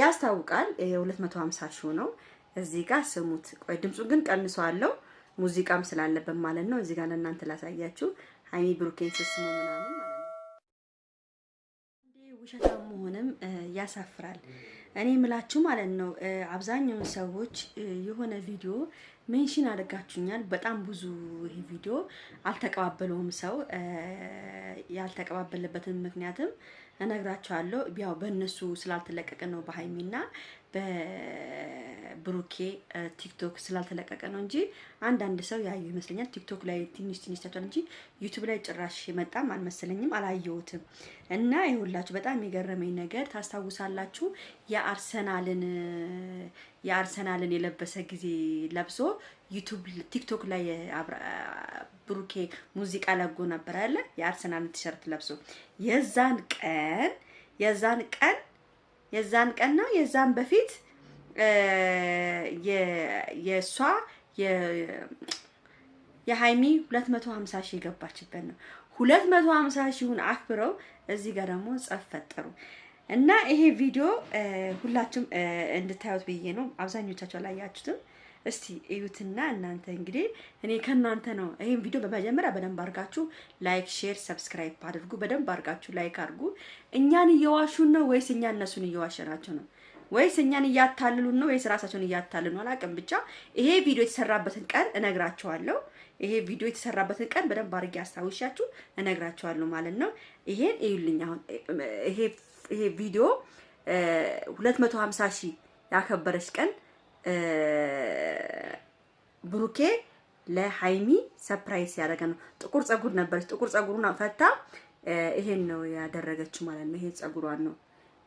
ያስታውቃል። 250 ሺህ ነው። እዚህ ጋር ስሙት። ቆይ ድምፁ ግን ቀንሰዋለሁ ሙዚቃም ስላለበት ማለት ነው። እዚህ ጋር ለእናንተ ላሳያችሁ ሀይሚ ብሩኬን ስስሙ ምናምን ማለት ነው። ውሸታም መሆንም ያሳፍራል። እኔ ምላችሁ ማለት ነው አብዛኛውን ሰዎች የሆነ ቪዲዮ ሜንሽን አድርጋችሁኛል። በጣም ብዙ ይሄ ቪዲዮ አልተቀባበለውም ሰው ያልተቀባበልበትን ምክንያትም እነግራቸዋለሁ። ያው በእነሱ ስላልተለቀቀ ነው በሀይሚና ብሩኬ ቲክቶክ ስላልተለቀቀ ነው እንጂ አንዳንድ ሰው ያዩ ይመስለኛል። ቲክቶክ ላይ ትንሽ ትንሽ ታቷል እንጂ ዩቱብ ላይ ጭራሽ የመጣም አልመሰለኝም፣ አላየሁትም። እና ይሁላችሁ በጣም የገረመኝ ነገር ታስታውሳላችሁ የአርሰናልን የአርሰናልን የለበሰ ጊዜ ለብሶ ዩቱብ ቲክቶክ ላይ ብሩኬ ሙዚቃ ለጎ ነበር ያለ የአርሰናልን ቲሸርት ለብሶ የዛን ቀን የዛን ቀን የዛን ቀን ነው የዛን በፊት የእሷ የሀይሚ 250 ሺህ የገባችበት ነው። 250 ሺሁን አክብረው እዚህ ጋር ደግሞ ጸፍ ፈጠሩ እና ይሄ ቪዲዮ ሁላችሁም እንድታዩት ብዬ ነው። አብዛኞቻቸው አላያችሁትም። እስቲ እዩትና እናንተ እንግዲህ እኔ ከእናንተ ነው። ይህን ቪዲዮ በመጀመሪያ በደንብ አርጋችሁ ላይክ፣ ሼር፣ ሰብስክራይብ አድርጉ። በደንብ አርጋችሁ ላይክ አድርጉ። እኛን እየዋሹን ነው ወይስ እኛ እነሱን እየዋሸናቸው ነው? ወይስ እኛን እያታልሉን ነው ወይስ ራሳቸውን እያታልሉ ነው? አላውቅም። ብቻ ይሄ ቪዲዮ የተሰራበትን ቀን እነግራቸዋለሁ። ይሄ ቪዲዮ የተሰራበትን ቀን በደንብ አድርጌ አስታውሻችሁ እነግራቸዋለሁ ማለት ነው። ይሄን እዩልኝ። አሁን ይሄ ይሄ ቪዲዮ 250 ሺህ ያከበረች ቀን ብሩኬ ለሃይሚ ሰፕራይዝ ያደረገ ነው። ጥቁር ፀጉር ነበረች። ጥቁር ጸጉሩን ፈታ ይሄን ነው ያደረገችው ማለት ነው። ይሄ ፀጉሯን ነው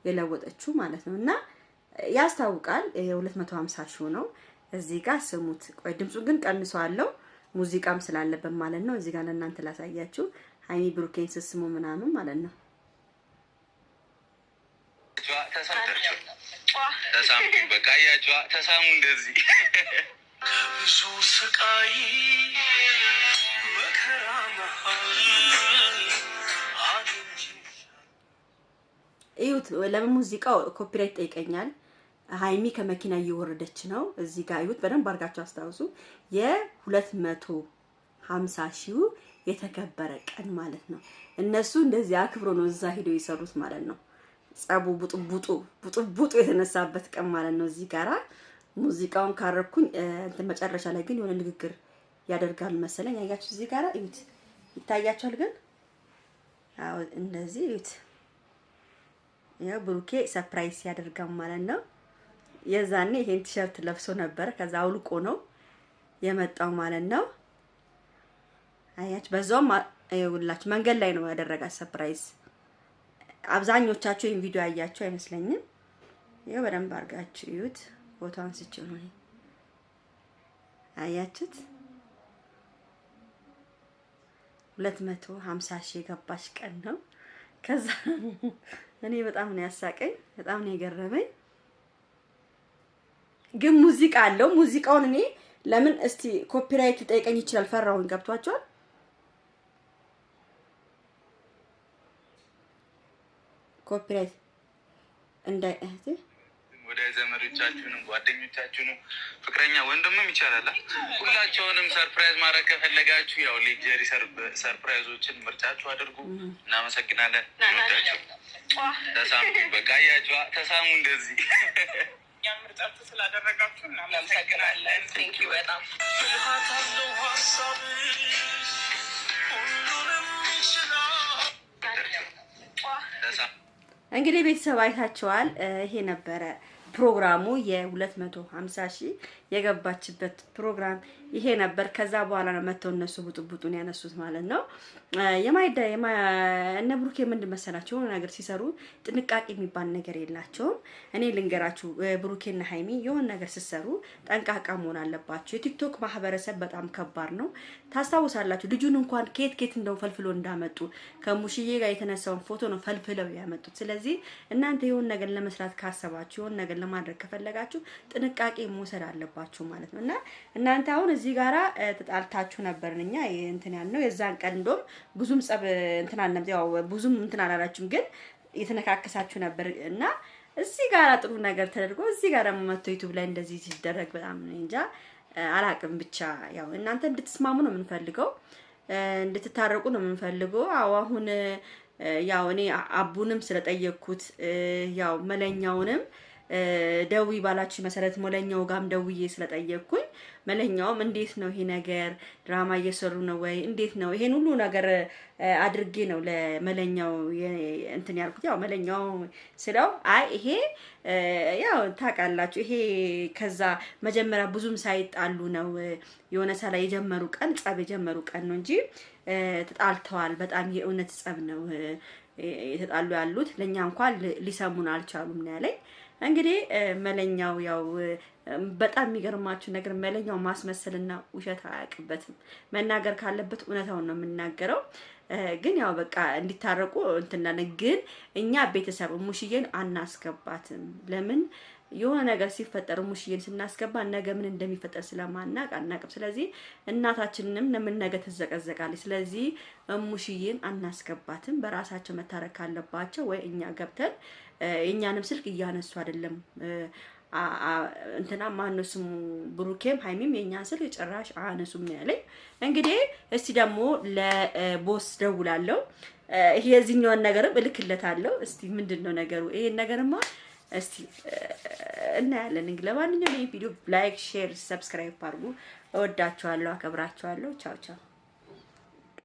የለወጠችው ማለት ነው እና ያስታውቃል። ሁለት መቶ ሀምሳ ሺህ ነው። እዚህ ጋር ስሙት። ቆይ ድምፁ ግን ቀንሰዋለው ሙዚቃም ስላለበት ማለት ነው። እዚህ ጋር ለእናንተ ላሳያችሁ። ሀይሚ ብሩኬን ስስሙ ምናምን ማለት ነው። ተሳሙ እንደዚህ ብዙ ስቃይ ይሁት ለምን ሙዚቃው ኮፒራይት ጠይቀኛል። ሀይሚ ከመኪና እየወረደች ነው። እዚህ ጋር ይሁት በደንብ አድርጋችሁ አስታውሱ። የ የ250 ሺው የተከበረ ቀን ማለት ነው። እነሱ እንደዚህ አክብሮ ነው እዛ ሄደው የሰሩት ማለት ነው። ጸቡ ቡጡቡጡ ቡጡቡጡ የተነሳበት ቀን ማለት ነው። እዚህ ጋራ ሙዚቃውን ካረኩኝ እንትን መጨረሻ ላይ ግን የሆነ ንግግር ያደርጋል መሰለኝ። አያችሁ፣ እዚህ ጋራ እዩት፣ ይታያችኋል። ግን አዎ እንደዚህ እዩት። ያው ብሩኬ ሰርፕራይዝ ያደርጋል ማለት ነው። የዛኔ ይሄን ቲሸርት ለብሶ ነበር ከዛ አውልቆ ነው የመጣው ማለት ነው። አያች በዛውም ይኸውላችሁ መንገድ ላይ ነው ያደረጋት ሰርፕራይዝ። አብዛኞቻችሁ ይሄን ቪዲዮ ያያችሁ አይመስለኝም። ይኸው በደንብ አድርጋችሁ እዩት። ፎቶ አንስቼ ነው አያችሁት። ሁለት መቶ ሀምሳ ሺህ የገባች ቀን ነው። ከዛ እኔ በጣም ነው ያሳቀኝ፣ በጣም ነው የገረመኝ። ግን ሙዚቃ አለው። ሙዚቃውን እኔ ለምን እስቲ ኮፒራይት ሊጠይቀኝ ይችላል ፈራሁኝ። ገብቷቸዋል። ኮፒራይት እንዳይ እህቴ ወዳጅ ዘመዶቻችሁንም ጓደኞቻችሁንም ፍቅረኛ ወንድምም ይቻላል ሁላቸውንም ሰርፕራይዝ ማድረግ ከፈለጋችሁ ያው ሌጀሪ ሰርፕራይዞችን ምርጫችሁ አድርጉ። እናመሰግናለን። ተሳሙ። በቃ ተሳሙ እንደዚህ እኛም ምርጫችሁ ስላደረጋችሁ እናመሰግናለን። በጣም እንግዲህ ቤተሰብ አይታቸዋል። ይሄ ነበረ ፕሮግራሙ የ250 ሺህ የገባችበት ፕሮግራም ይሄ ነበር። ከዛ በኋላ ነው መተው እነሱ ቡጥቡጡን ያነሱት ማለት ነው። የማይዳ እነ ብሩኬ ምንድን መሰላቸው የሆነ ነገር ሲሰሩ ጥንቃቄ የሚባል ነገር የላቸውም። እኔ ልንገራችሁ፣ ብሩኬና ሀይሚ የሆነ ነገር ስሰሩ ጠንቃቃ መሆን አለባቸው። የቲክቶክ ማህበረሰብ በጣም ከባድ ነው። ታስታውሳላችሁ፣ ልጁን እንኳን ኬት ኬት እንደው ፈልፍሎ እንዳመጡ ከሙሽዬ ጋር የተነሳውን ፎቶ ነው ፈልፍለው ያመጡት። ስለዚህ እናንተ የሆነ ነገር ለመስራት ካሰባችሁ፣ የሆነ ነገር ለማድረግ ከፈለጋችሁ ጥንቃቄ መውሰድ አለባችሁ። አለባችሁ ማለት ነው። እና እናንተ አሁን እዚህ ጋራ ተጣልታችሁ ነበርን እኛ እንትን ያልነው የዛን ቀን እንደውም ብዙም ጸብ እንትን አልነበ ያው ብዙም እንትን አላላችሁም፣ ግን የተነካከሳችሁ ነበር እና እዚህ ጋራ ጥሩ ነገር ተደርጎ እዚህ ጋር ደግሞ መቶ ዩቱብ ላይ እንደዚህ ሲደረግ በጣም እንጃ አላቅም። ብቻ ያው እናንተ እንድትስማሙ ነው የምንፈልገው፣ እንድትታረቁ ነው የምንፈልገው። አዎ አሁን ያው እኔ አቡንም ስለጠየቅኩት ያው መለኛውንም ደዊ ባላችሁ መሰረት መለኛው ጋም ደውዬ ስለጠየቅኩኝ መለኛውም እንዴት ነው ይሄ ነገር ድራማ እየሰሩ ነው ወይ እንዴት ነው ይሄን ሁሉ ነገር አድርጌ ነው ለመለኛው እንትን ያልኩት። ያው መለኛው ስለው አይ ይሄ ያው ታውቃላችሁ፣ ይሄ ከዛ መጀመሪያ ብዙም ሳይጣሉ ነው የሆነ ሰላ የጀመሩ ቀን ጸብ የጀመሩ ቀን ነው እንጂ ተጣልተዋል። በጣም የእውነት ጸብ ነው የተጣሉ ያሉት። ለእኛ እንኳን ሊሰሙን አልቻሉም ነው ያለኝ። እንግዲህ መለኛው ያው በጣም የሚገርማችሁ ነገር መለኛው ማስመሰልና ውሸት አያውቅበትም። መናገር ካለበት እውነታውን ነው የምናገረው። ግን ያው በቃ እንዲታረቁ እንትናለን። ግን እኛ ቤተሰብ ሙሽዬን አናስገባትም። ለምን የሆነ ነገር ሲፈጠር ሙሽዬን ስናስገባ ነገ ምን እንደሚፈጠር ስለማናቅ አናቅም። ስለዚህ እናታችንንም ለምን ነገ ትዘቀዘቃለች? ስለዚህ ሙሽዬን አናስገባትም። በራሳቸው መታረቅ ካለባቸው ወይ እኛ ገብተን የእኛንም ስልክ እያነሱ አይደለም እንትና ማነው ስሙ ብሩኬም ሀይሚም የእኛን ስልክ ጭራሽ አነሱም ያለኝ። እንግዲህ እስቲ ደግሞ ለቦስ ደውላለሁ። ይሄ የዚህኛውን ነገርም እልክለታለሁ። እስቲ ምንድን ነው ነገሩ? ይሄን ነገርማ እስቲ እናያለን። እንግዲህ ለማንኛውም ይህ ቪዲዮ ላይክ፣ ሼር፣ ሰብስክራይብ አድርጉ። እወዳችኋለሁ፣ አከብራችኋለሁ። ቻው ቻው።